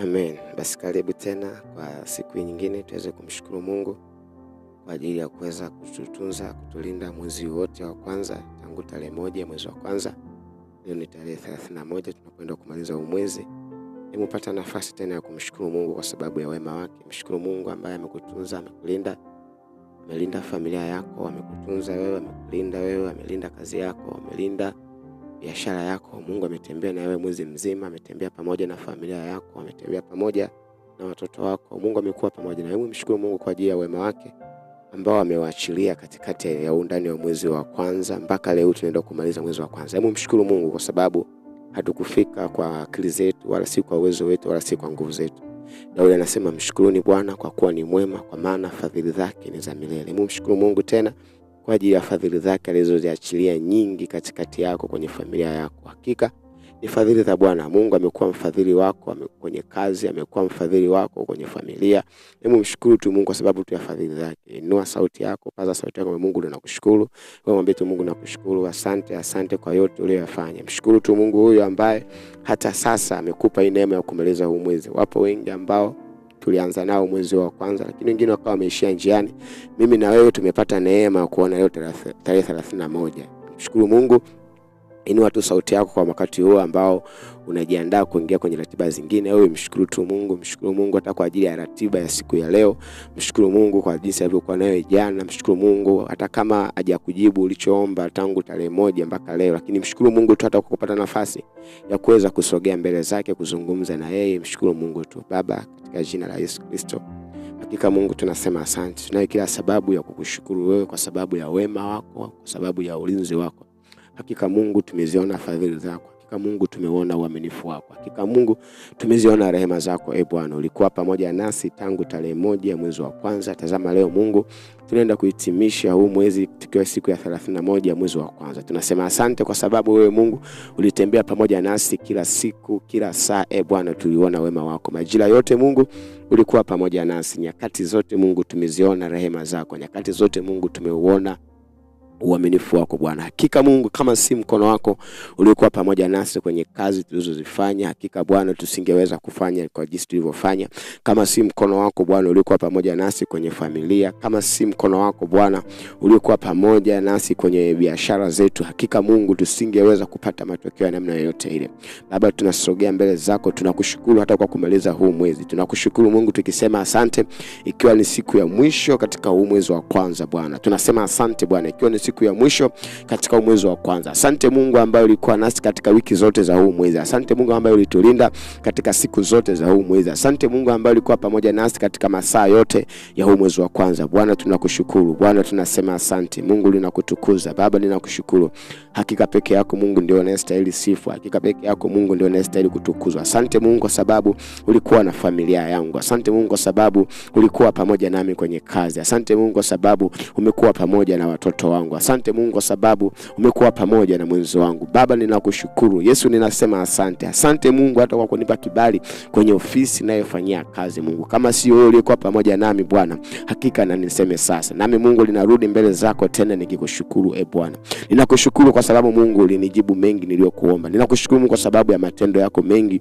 Amen. Basi karibu tena kwa siku nyingine tuweze kumshukuru Mungu kwa ajili ya kuweza kututunza, kutulinda mwezi wote wa kwanza tangu tarehe moja mwezi wa kwanza. Leo ni tarehe 31 tunakwenda kumaliza huu mwezi. Hebu pata nafasi tena ya kumshukuru Mungu kwa sababu ya wema wake. Mshukuru Mungu ambaye amekutunza, amekulinda, amelinda familia yako, amekutunza wewe, amekulinda wewe, amelinda kazi yako, amelinda biashara yako. Mungu ametembea na wewe mwezi mzima, ametembea pamoja na familia yako, ametembea pamoja na watoto wako. Mungu amekuwa pamoja na wewe. Mshukuru Mungu kwa ajili ya wema wake ambao amewaachilia katikati ya undani wa mwezi wa kwanza mpaka leo tunaenda kumaliza mwezi wa kwanza. Hebu mshukuru Mungu kwa sababu hatukufika kwa akili zetu wala si kwa uwezo wetu wala si kwa nguvu zetu. Daudi anasema mshukuruni Bwana kwa kuwa ni mwema, kwa maana fadhili zake ni za milele. Hebu mshukuru Mungu tena kwa ajili ya fadhili zake alizoziachilia nyingi katikati yako kwenye familia yako. Hakika ni fadhili za Bwana Mungu. Amekuwa mfadhili wako kwenye kazi, amekuwa mfadhili wako kwenye familia. Hebu mshukuru tu Mungu kwa sababu tu ya fadhili zake. Inua sauti yako, paza sauti yako. Mungu ninakushukuru, wewe mwambie tu Mungu nakushukuru, asante, asante kwa yote uliyoyafanya. Mshukuru tu Mungu huyo ambaye hata sasa amekupa hii neema ya kumaliza huu mwezi. Wapo wengi ambao tulianza nao mwezi wa kwanza, lakini wengine wakawa wameishia njiani. Mimi na wewe tumepata neema ya kuona leo tarehe 31. Mshukuru Mungu inua tu sauti yako kwa wakati huo ambao unajiandaa kuingia kwenye ratiba zingine. Wewe mshukuru tu Mungu, mshukuru Mungu hata kwa ajili ya ratiba ya siku ya leo. Mshukuru Mungu kwa jinsi alivyokuwa nayo jana. Mshukuru Mungu hata kama hajakujibu ulichoomba tangu tarehe moja mpaka leo, lakini mshukuru Mungu tu hata kwa kupata nafasi ya kuweza kusogea mbele zake kuzungumza na yeye. Mshukuru Mungu tu Baba, katika jina la Yesu Kristo. Hakika Mungu tunasema asante, tunayo kila sababu ya kukushukuru wewe kwa sababu ya wema wako, kwa sababu ya ulinzi wako Hakika Mungu, tumeziona fadhili zako. Hakika Mungu, tumeona uaminifu wako. Hakika Mungu, tumeziona rehema zako. E Bwana, ulikuwa pamoja nasi tangu tarehe moja ya mwezi wa kwanza. Tazama leo Mungu, tunaenda kuhitimisha huu mwezi tukiwa siku ya 31 ya mwezi wa kwanza. Tunasema asante kwa sababu wewe Mungu ulitembea pamoja nasi kila siku, kila saa. E Bwana, tuliona wema wako majira yote. Mungu ulikuwa pamoja nasi nyakati zote. Mungu, tumeziona rehema zako nyakati zote. Mungu, tumeuona uaminifu wako Bwana. Hakika Mungu, kama si mkono wako uliokuwa pamoja nasi kwenye kazi tulizozifanya, hakika Bwana, tusingeweza kufanya kwa jinsi tulivyofanya. Kama si mkono wako Bwana uliokuwa pamoja nasi kwenye familia, kama si mkono wako Bwana uliokuwa pamoja nasi kwenye biashara zetu, hakika Mungu, tusingeweza kupata matokeo ya namna yoyote ile. Baba, tunasogea mbele zako, tunakushukuru hata kwa kumaliza huu mwezi. Tunakushukuru Mungu tukisema asante, ikiwa ni siku ya mwisho katika huu mwezi wa kwanza Bwana. Tunasema asante Bwana, ikiwa ni siku siku ya mwisho katika mwezi wa kwanza. Asante Mungu ambaye ulikuwa nasi katika wiki zote za huu mwezi. Asante Mungu ambaye ulitulinda katika siku zote za huu mwezi. Asante Mungu ambaye ulikuwa pamoja nasi katika masaa yote ya huu mwezi wa kwanza. Bwana tunakushukuru, Bwana tunasema asante. Mungu linakutukuza Baba, ninakushukuru. Hakika peke yako Mungu ndio unayestahili sifa. Hakika peke yako Mungu ndio unayestahili kutukuzwa. Asante Mungu kwa sababu ulikuwa na familia yangu. Asante Mungu kwa sababu ulikuwa pamoja nami kwenye kazi. Asante Mungu kwa sababu umekuwa pamoja na watoto wangu. Asante Mungu kwa sababu umekuwa pamoja na mwenzo wangu. Baba, ninakushukuru Yesu, ninasema asante. Asante Mungu hata kwa kunipa kibali kwenye ofisi ninayofanyia kazi. Mungu, kama sio wewe uliyekuwa pamoja nami Bwana, hakika na niseme sasa nami Mungu linarudi mbele zako tena nikikushukuru. E Bwana, ninakushukuru kwa sababu Mungu ulinijibu mengi niliyokuomba. Ninakushukuru kwa sababu ya matendo yako mengi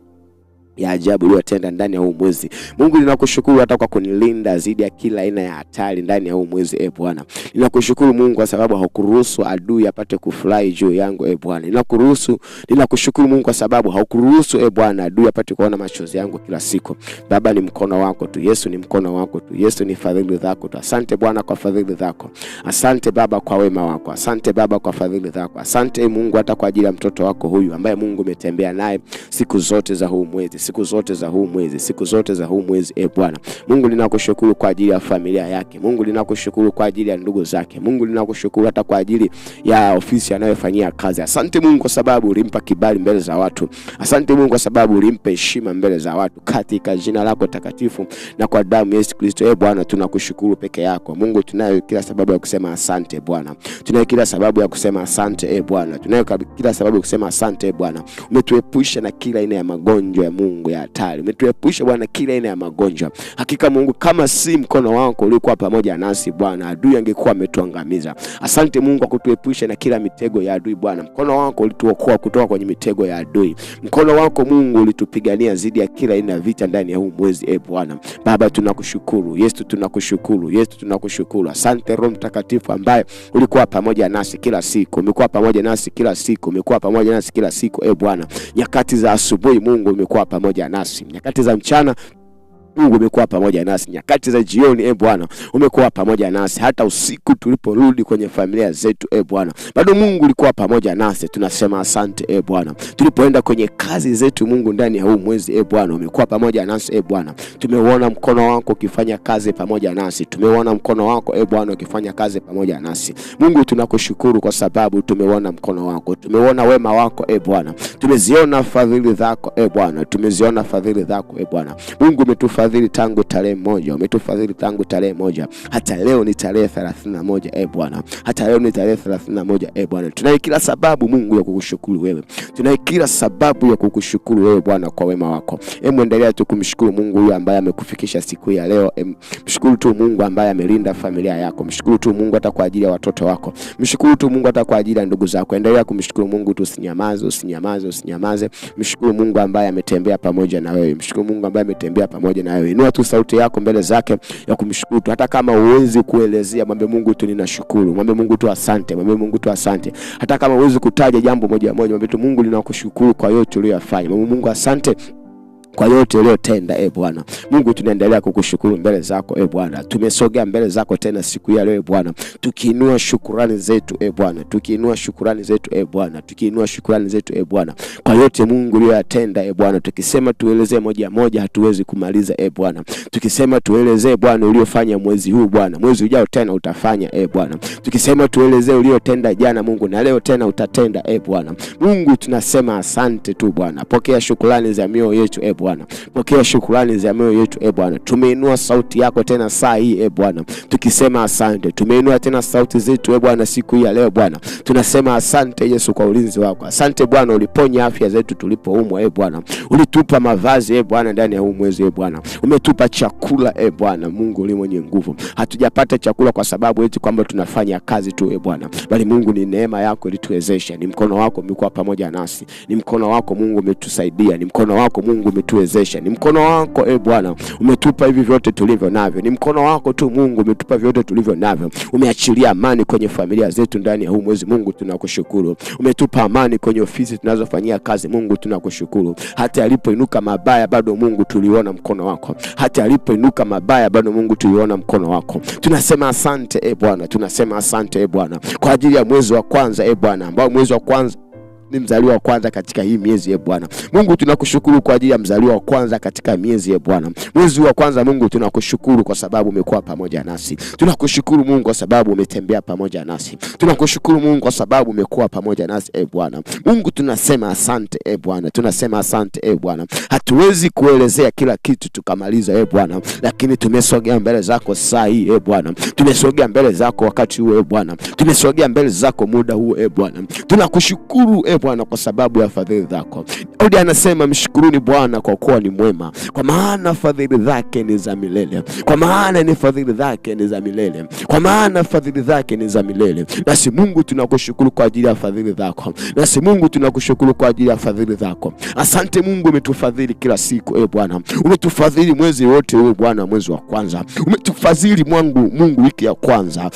ya ajabu uliyotenda ndani ya huu mwezi. Mungu, ninakushukuru hata kwa kunilinda dhidi ya kila aina ya hatari ndani ya huu mwezi. E Bwana, ninakushukuru Mungu kwa sababu haukuruhusu adui apate kufurahi juu yangu. E Bwana, ninakuruhusu, ninakushukuru Mungu kwa sababu haukuruhusu e Bwana adui apate kuona machozi yangu kila siku. Baba, ni mkono wako tu Yesu, ni mkono wako tu Yesu, ni fadhili zako tu. Asante Bwana kwa fadhili zako, asante Baba kwa wema wako, asante Baba kwa fadhili zako, asante Mungu hata kwa ajili ya mtoto wako huyu ambaye Mungu umetembea naye siku zote za huu mwezi siku zote za huu mwezi, siku zote za huu mwezi. E Bwana Mungu, ninakushukuru kwa ajili ya familia yake. Mungu, ninakushukuru kwa ajili ya ndugu zake. Mungu, ninakushukuru hata kwa ajili ya ofisi anayofanyia kazi. Asante Mungu kwa sababu ulimpa kibali mbele za watu. Asante Mungu kwa sababu ulimpa heshima mbele za watu, katika jina lako takatifu na kwa damu Yesu Kristo. E Bwana, tunakushukuru peke yako Mungu. Tunayo kila sababu ya kusema asante e Bwana, tunayo kila sababu ya kusema asante e Bwana, tunayo kila sababu ya kusema asante e Bwana. Umetuepusha na kila aina ya magonjwa ya Mungu Mungu ya hatari. Umetuepusha Bwana kila aina ya magonjwa. Hakika Mungu, kama si mkono wako ulikuwa pamoja nasi Bwana, adui angekuwa ametuangamiza. Asante Mungu kwa kutuepusha na kila mitego ya adui Bwana. Mkono wako ulituokoa kutoka kwenye mitego ya adui. Mkono wako Mungu ulitupigania zidi ya kila aina ya vita ndani ya huu mwezi. E Bwana Baba, tunakushukuru Yesu, tunakushukuru Yesu, tunakushukuru. Asante Roho Mtakatifu ambaye ulikuwa pamoja nasi kila siku, umekuwa pamoja nasi kila siku, umekuwa pamoja nasi kila siku. E Bwana, nyakati za asubuhi Mungu umekuwa pamoja nasi nyakati za mchana. Mungu umekuwa pamoja nasi nyakati za jioni, e Bwana, umekuwa pamoja nasi hata usiku tuliporudi kwenye familia zetu, e Bwana, bado Mungu ulikuwa pamoja nasi. Tunasema asante e Bwana, tulipoenda kwenye kazi zetu, Mungu, ndani ya huu mwezi, e Bwana, umekuwa pamoja nasi e Bwana, tumeuona mkono wako ukifanya kazi pamoja nasi, tumeuona mkono wako e Bwana ukifanya kazi pamoja nasi. Mungu, tunakushukuru kwa sababu tumeuona mkono wako, tumeuona wema wako e Bwana, tumeziona fadhili zako e Bwana, tumeziona fadhili zako e Bwana, Mungu umetufa umetufadhili tangu tarehe moja, umetufadhili tangu tarehe moja, hata leo ni tarehe 31, e Bwana, hata leo ni tarehe 31, e Bwana. Tunayo kila sababu Mungu ya kukushukuru wewe, tunayo kila sababu ya kukushukuru wewe Bwana kwa wema wako. Hebu endelea tu kumshukuru Mungu huyu ambaye amekufikisha siku ya leo. Mshukuru tu Mungu ambaye amelinda familia yako, mshukuru tu Mungu hata kwa ajili ya watoto wako, mshukuru tu Mungu hata kwa ajili ya ndugu zako. Endelea kumshukuru Mungu tu, usinyamaze, usinyamaze, usinyamaze. Mshukuru Mungu ambaye ametembea pamoja na wewe, mshukuru Mungu ambaye ametembea pamoja na wewe nayo. Inua tu sauti yako mbele zake ya kumshukuru tu, hata kama huwezi kuelezea, mwambie Mungu tu ninashukuru, mwambie Mungu tu asante, mwambie Mungu tu asante. Hata kama huwezi kutaja jambo moja moja, mwambie tu Mungu, ninakushukuru kwa yote uliyofanya. Mwambie Mungu asante kwa yote uliyotenda, e Bwana Mungu, tunaendelea kukushukuru mbele zako e Bwana. Tumesogea mbele zako tena siku ya leo e Bwana, tukiinua shukurani zetu e Bwana, tukiinua shukurani zetu e Bwana, tukiinua shukurani zetu e Bwana kwa yote Mungu uliyoyatenda e Bwana, tukisema tuelezee moja moja hatuwezi kumaliza e Bwana, tukisema tuelezee Bwana uliofanya mwezi huu Bwana, mwezi ujao tena utafanya e Bwana, tukisema tuelezee uliotenda jana Mungu na leo tena utatenda e Bwana. Mungu tunasema asante tu Bwana, pokea shukurani za mioyo yetu e Bwana. Bwana. Pokea shukrani za mioyo yetu e Bwana. Tumeinua sauti yako tena saa hii e Bwana, tukisema asante. Tumeinua tena sauti zetu e Bwana siku hii ya leo Bwana, tunasema asante Yesu kwa ulinzi wako. Asante Bwana, uliponya afya zetu tulipoumwa e Bwana, ulitupa mavazi e Bwana ndani ya huu mwezi e Bwana, umetupa chakula e Bwana. Mungu uli mwenye nguvu, hatujapata chakula kwa sababu eti kwamba tunafanya kazi tu e Bwana, bali Mungu ni neema yako ilituwezesha, ni mkono wako umekuwa pamoja nasi, ni mkono wako Mungu umetusaidia, ni mkono wako Mungu umetu utuwezeshe. Ni mkono wako e Bwana umetupa hivi vyote tulivyo navyo, ni mkono wako tu Mungu umetupa vyote tulivyo navyo. Umeachilia amani kwenye familia zetu ndani ya huu mwezi Mungu, tunakushukuru. Umetupa amani kwenye ofisi tunazofanyia kazi Mungu, tunakushukuru. Hata yalipoinuka mabaya bado Mungu tuliona mkono wako, hata yalipoinuka mabaya bado Mungu tuliona mkono wako. Tunasema asante e Bwana, tunasema asante e Bwana kwa ajili ya mwezi wa kwanza e Bwana, ambao mwezi wa kwanza ni mzaliwa wa kwanza katika hii miezi, ya Bwana Mungu, tunakushukuru kwa ajili ya mzaliwa wa kwanza katika miezi, ya Bwana. Mwezi wa kwanza Mungu, tunakushukuru kwa sababu umekuwa pamoja nasi. Tunakushukuru Mungu kwa sababu umetembea pamoja nasi. Tunakushukuru Mungu kwa sababu umekuwa pamoja nasi, e Bwana Mungu, tunasema asante, e Bwana, tunasema asante, e Bwana. Hatuwezi kuelezea kila kitu tukamaliza, e Bwana, lakini tumesogea mbele zako saa hii, e Bwana, tumesogea mbele zako wakati huu, e Bwana, tumesogea mbele zako muda huu, e Bwana, tunakushukuru e Bwana kwa sababu ya fadhili zako. Daudi anasema mshukuruni Bwana kwa kuwa ni mwema, kwa maana fadhili zake ni za milele, kwa maana ni fadhili zake ni za milele, kwa maana fadhili zake ni za milele. Nasi Mungu tunakushukuru kwa ajili ya fadhili zako, nasi Mungu tunakushukuru kwa ajili ya fadhili zako. Asante Mungu, umetufadhili kila siku e Bwana, umetufadhili mwezi wote huu e Bwana, mwezi wa kwanza umetufadhili mwangu Mungu, wiki ya kwanza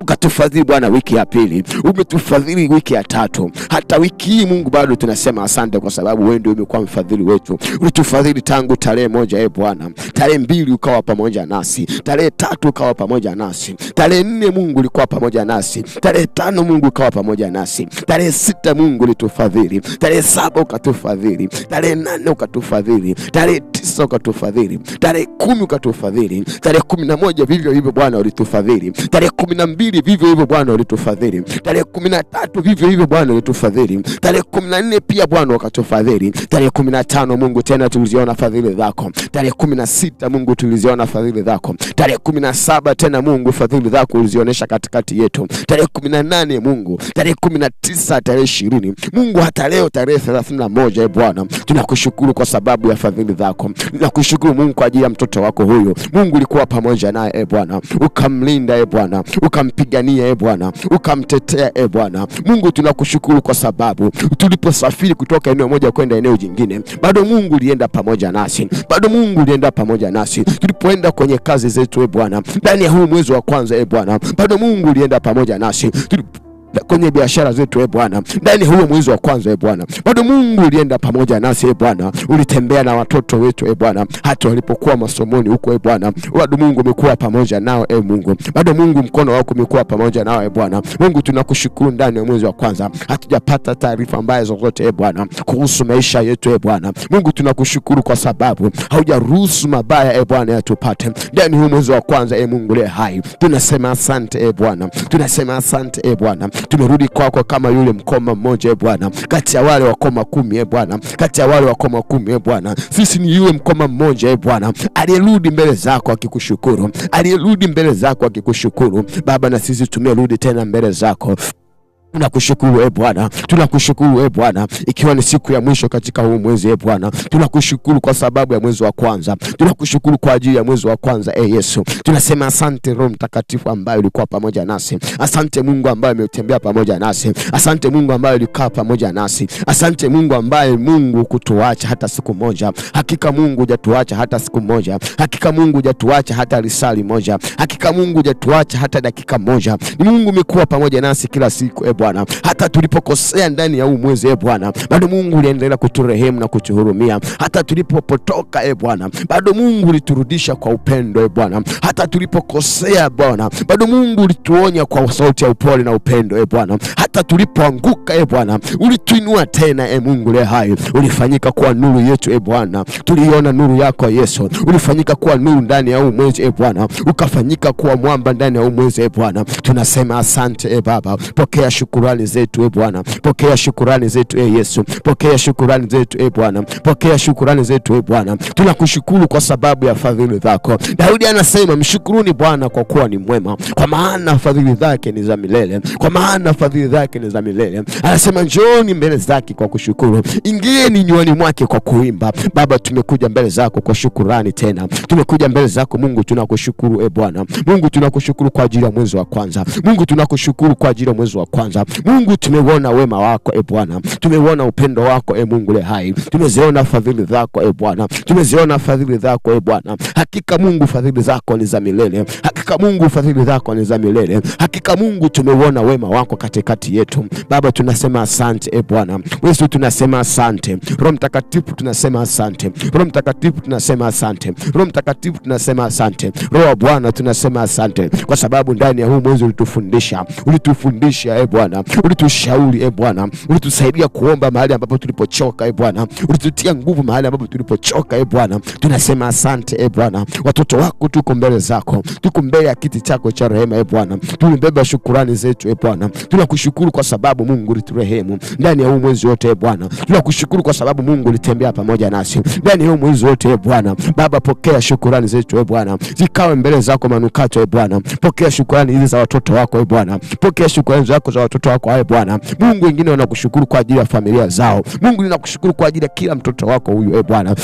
ukatufadhili Bwana wiki ya pili, umetufadhili wiki ya tatu, hata wiki hii Mungu bado tunasema asante, kwa sababu wewe ndio umekuwa mfadhili wetu. Ulitufadhili tangu tarehe moja, e Bwana, tarehe mbili ukawa pamoja nasi, tarehe tatu ukawa pamoja nasi, tarehe nne Mungu ulikuwa pamoja nasi, tarehe tano Mungu ukawa pamoja nasi, tarehe sita Mungu ulitufadhili, tarehe saba ukatufadhili, tarehe nane ukatufadhili, tarehe tisa ukatufadhili, tarehe kumi ukatufadhili, tarehe kumi na moja vivyo hivyo Bwana ulitufadhili, tarehe kumi na mbili pili vivyo hivyo Bwana ulitufadhili. Tarehe kumi na tatu vivyo hivyo Bwana ulitufadhili. Tarehe kumi na nne pia Bwana wakatufadhili. Tarehe kumi na tano Mungu tena tuliziona fadhili zako. Tarehe kumi na sita Mungu tuliziona fadhili zako. Tarehe kumi na saba tena Mungu fadhili zako ulizionyesha katikati yetu. Tarehe kumi na nane Mungu, tarehe kumi na tisa tarehe ishirini Mungu, hata leo tarehe thelathini na moja e Bwana tunakushukuru kwa sababu ya fadhili zako. Tunakushukuru Mungu kwa ajili ya mtoto wako huyu. Mungu ulikuwa pamoja naye e Bwana, ukamlinda e Bwana, ukam ukampigania e Bwana, ukamtetea e Bwana Mungu, tunakushukuru kwa sababu tuliposafiri kutoka eneo moja kwenda eneo jingine, bado Mungu ulienda pamoja nasi, bado Mungu ulienda pamoja nasi tulipoenda kwenye kazi zetu e Bwana, ndani ya huu mwezi wa kwanza e Bwana, bado Mungu ulienda pamoja nasi tulipo kwenye biashara zetu, e Bwana, ndani huo mwezi wa kwanza, e Bwana, bado Mungu ulienda pamoja nasi, e Bwana, ulitembea na watoto wetu, e Bwana, hata walipokuwa masomoni huko, e Bwana, bado Mungu umekuwa pamoja nao, e Mungu, bado Mungu mkono wako umekuwa pamoja nao, e Bwana. Mungu tunakushukuru, ndani ya mwezi wa kwanza hatujapata taarifa mbaya zozote, e Bwana, kuhusu maisha yetu, e Bwana. Mungu tunakushukuru kwa sababu haujaruhusu mabaya, e Bwana, yatupate ndani huu mwezi wa kwanza, e Mungu le hai, tunasema asante, e Bwana, tunasema asante, e Bwana tumerudi kwako kwa kama yule mkoma mmoja, e Bwana, kati ya wale wakoma kumi, e Bwana, kati ya wale wakoma kumi, e Bwana, sisi ni yule mkoma mmoja, e Bwana, aliyerudi mbele zako akikushukuru, aliyerudi mbele zako akikushukuru. Baba, na sisi tumerudi tena mbele zako. Tunakushukuru e Bwana, tunakushukuru e Bwana, ikiwa ni siku ya mwisho katika huu mwezi e Bwana, tunakushukuru kwa sababu ya mwezi wa kwanza, tunakushukuru kwa ajili ya mwezi wa kwanza e Yesu. Tunasema asante Roho Mtakatifu ambaye ulikuwa pamoja nasi, asante Mungu ambaye umetembea pamoja nasi, asante Mungu ambaye ulikaa pamoja nasi, asante Mungu ambaye Mungu kutuacha hata siku moja. Hakika Mungu hujatuacha hata siku moja, hakika Mungu hujatuacha hata risali moja, hakika Mungu hujatuacha hata dakika moja. Mungu umekuwa pamoja nasi kila siku e Bwana. Bwana, hata tulipokosea ndani ya huu mwezi e Bwana, bado Mungu uliendelea kuturehemu na kutuhurumia. Hata tulipopotoka e Bwana, bado Mungu uliturudisha kwa upendo e Bwana. Hata tulipokosea Bwana, bado Mungu ulituonya kwa sauti ya upole na upendo e Bwana. Hata tulipoanguka e Bwana, ulituinua tena e Mungu le hai, ulifanyika kuwa nuru yetu e Bwana. Tuliona nuru yako Yesu, ulifanyika kuwa nuru ndani ya huu mwezi e Bwana, ukafanyika kuwa mwamba ndani ya huu mwezi e Bwana. Tunasema asante e Baba, pokea shukuru shukurani zetu e Bwana, pokea shukurani zetu e Yesu, pokea shukurani zetu e Bwana, pokea shukurani zetu e Bwana. Tunakushukuru kwa sababu ya fadhili zako. Daudi anasema mshukuruni Bwana kwa kuwa ni mwema, kwa maana fadhili zake ni za milele, kwa maana fadhili zake ni za milele. Anasema njooni mbele zake kwa kushukuru, ingieni nywani mwake kwa kuimba. Baba, tumekuja mbele zako kwa shukurani tena, tumekuja mbele zako Mungu, tunakushukuru e Bwana Mungu, tunakushukuru kwa ajili ya mwezi wa kwanza Mungu, tunakushukuru kwa ajili ya mwezi wa kwanza kwanza. Mungu, tumeona wema wako e Bwana, tumeona upendo wako e Mungu le hai, tumeziona fadhili zako e Bwana, tumeziona fadhili zako e Bwana. Hakika Mungu fadhili zako ni za milele, hakika Mungu fadhili zako ni za milele, hakika Mungu tumeona wema wako katikati yetu. Baba, tunasema asante e Bwana Yesu, tunasema asante. Roho Mtakatifu, tunasema asante. Roho Mtakatifu, tunasema asante. Roho Mtakatifu, tunasema asante. Roho wa Bwana, tunasema asante kwa sababu ndani ya huu mwezi ulitufundisha, ulitufundisha e Bwana Bwana, ulitushauri e Bwana, ulitusaidia kuomba mahali ambapo tulipochoka e Bwana, ulitutia nguvu mahali ambapo tulipochoka e Bwana. Tunasema asante e Bwana, watoto wako tuko mbele zako, tuko mbele ya kiti chako cha rehema e Bwana, tumebeba shukurani zetu e Bwana. Tunakushukuru kwa sababu Mungu uliturehemu ndani ya huu mwezi wote e Bwana. Tunakushukuru kwa sababu Mungu ulitembea pamoja nasi ndani ya huu mwezi wote e Bwana. Baba, pokea shukurani zetu e Bwana, zikawe mbele zako manukato e Bwana. Pokea shukurani hizi za watoto wako e Bwana, pokea shukurani zako za watoto watoto wako hayo Bwana Mungu, wengine wanakushukuru kwa ajili ya familia zao Mungu, ninakushukuru kwa ajili ya kila mtoto wako huyu, e Bwana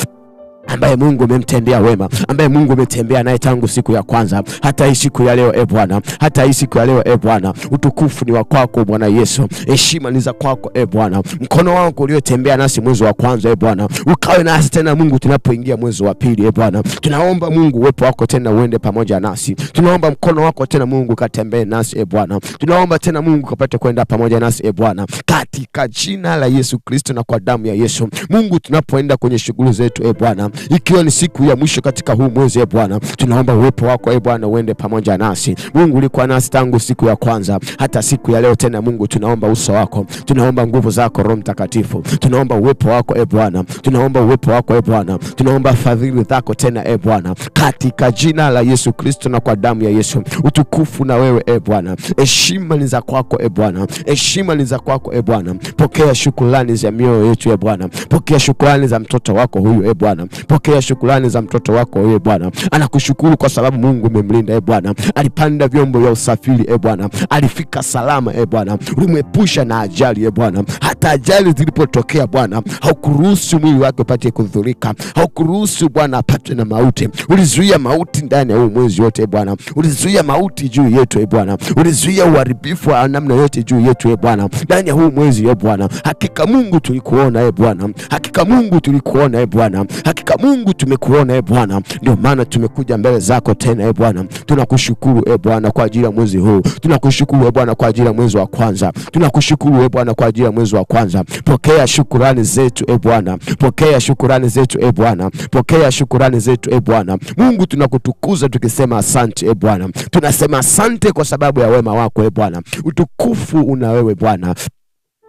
ambaye Mungu umemtendea wema, ambaye Mungu umetembea naye tangu siku ya kwanza hata hii siku ya leo, e Bwana, hata hii siku ya leo, e Bwana. Utukufu ni wa kwako Bwana Yesu, heshima ni za kwako e Bwana. Mkono wako uliotembea nasi mwezi wa kwanza, e Bwana, ukawe nasi tena Mungu tunapoingia mwezi wa pili, e Bwana. Tunaomba Mungu uwepo wako tena uende pamoja nasi, tunaomba mkono wako tena Mungu katembee nasi, e Bwana. Tunaomba tena Mungu kapate kwenda pamoja nasi, e Bwana, katika jina la Yesu Kristo na kwa damu ya Yesu. Mungu, tunapoenda kwenye shughuli zetu, e Bwana ikiwa ni siku ya mwisho katika huu mwezi, e Bwana, tunaomba uwepo wako e Bwana uende pamoja nasi. Mungu ulikuwa nasi tangu siku ya kwanza hata siku ya leo tena. Mungu tunaomba uso wako, tunaomba nguvu zako, Roho Mtakatifu, tunaomba uwepo wako e Bwana, tunaomba uwepo wako e Bwana, tunaomba fadhili zako tena e Bwana, katika jina la Yesu Kristo na kwa damu ya Yesu. Utukufu na wewe e Bwana, heshima ni za kwako e Bwana, heshima ni za kwako e Bwana. Pokea shukrani za mioyo yetu e Bwana, pokea shukrani za mtoto wako huyu e Bwana, Pokea shukrani za mtoto wako wewe Bwana, anakushukuru kwa sababu Mungu umemlinda e Bwana, alipanda vyombo vya usafiri e Bwana, alifika salama e Bwana, ulimwepusha na ajali e Bwana. Hata ajali zilipotokea Bwana, haukuruhusu mwili wake upate kudhurika, haukuruhusu Bwana apatwe na mauti. Ulizuia mauti ndani ya huu mwezi wote e Bwana, ulizuia mauti juu yetu e Bwana, ulizuia uharibifu wa namna yote juu yetu e Bwana, ndani ya huu mwezi e Bwana. Hakika Mungu tulikuona e Bwana, hakika Mungu tulikuona e Bwana, hakika hakika Mungu, tumekuona e Bwana, ndio maana tumekuja mbele zako tena e Bwana. Tunakushukuru e Bwana kwa ajili ya mwezi huu, tunakushukuru e Bwana kwa ajili ya mwezi wa kwanza, tunakushukuru e Bwana kwa ajili ya mwezi wa kwanza. Pokea shukurani zetu e Bwana, pokea shukurani zetu e Bwana, pokea shukurani zetu e Bwana. Mungu, tunakutukuza tukisema asante e Bwana, tunasema asante kwa sababu ya wema wako e Bwana, utukufu una wewe Bwana.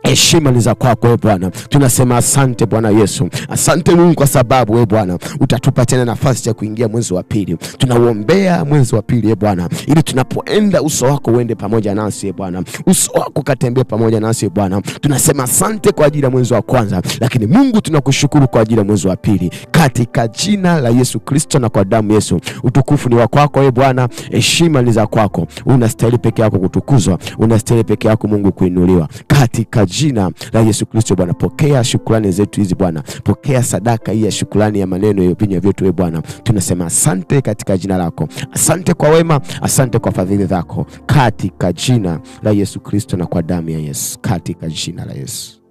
Heshima ni za kwako e Bwana, tunasema asante Bwana Yesu, asante Mungu kwa sababu e Bwana utatupa tena nafasi ya kuingia mwezi wa pili. Tunauombea mwezi wa pili e Bwana, ili tunapoenda uso wako uende pamoja nasi e Bwana, uso wako katembee pamoja nasi e Bwana. Tunasema asante kwa ajili ya mwezi wa kwanza, lakini Mungu tunakushukuru kwa ajili ya mwezi wa pili, katika jina la Yesu Kristo na kwa damu Yesu. Utukufu ni wa kwako e Bwana, heshima ni za kwako, unastahili peke yako kutukuzwa, unastahili peke yako Mungu kuinuliwa katika jina la Yesu Kristo Bwana. Pokea shukrani zetu hizi Bwana, pokea sadaka hii ya shukrani ya maneno ya vinywa vyetu. E Bwana, tunasema asante katika jina lako, asante kwa wema, asante kwa fadhili zako, katika jina la Yesu Kristo na kwa damu ya Yesu, katika jina la Yesu.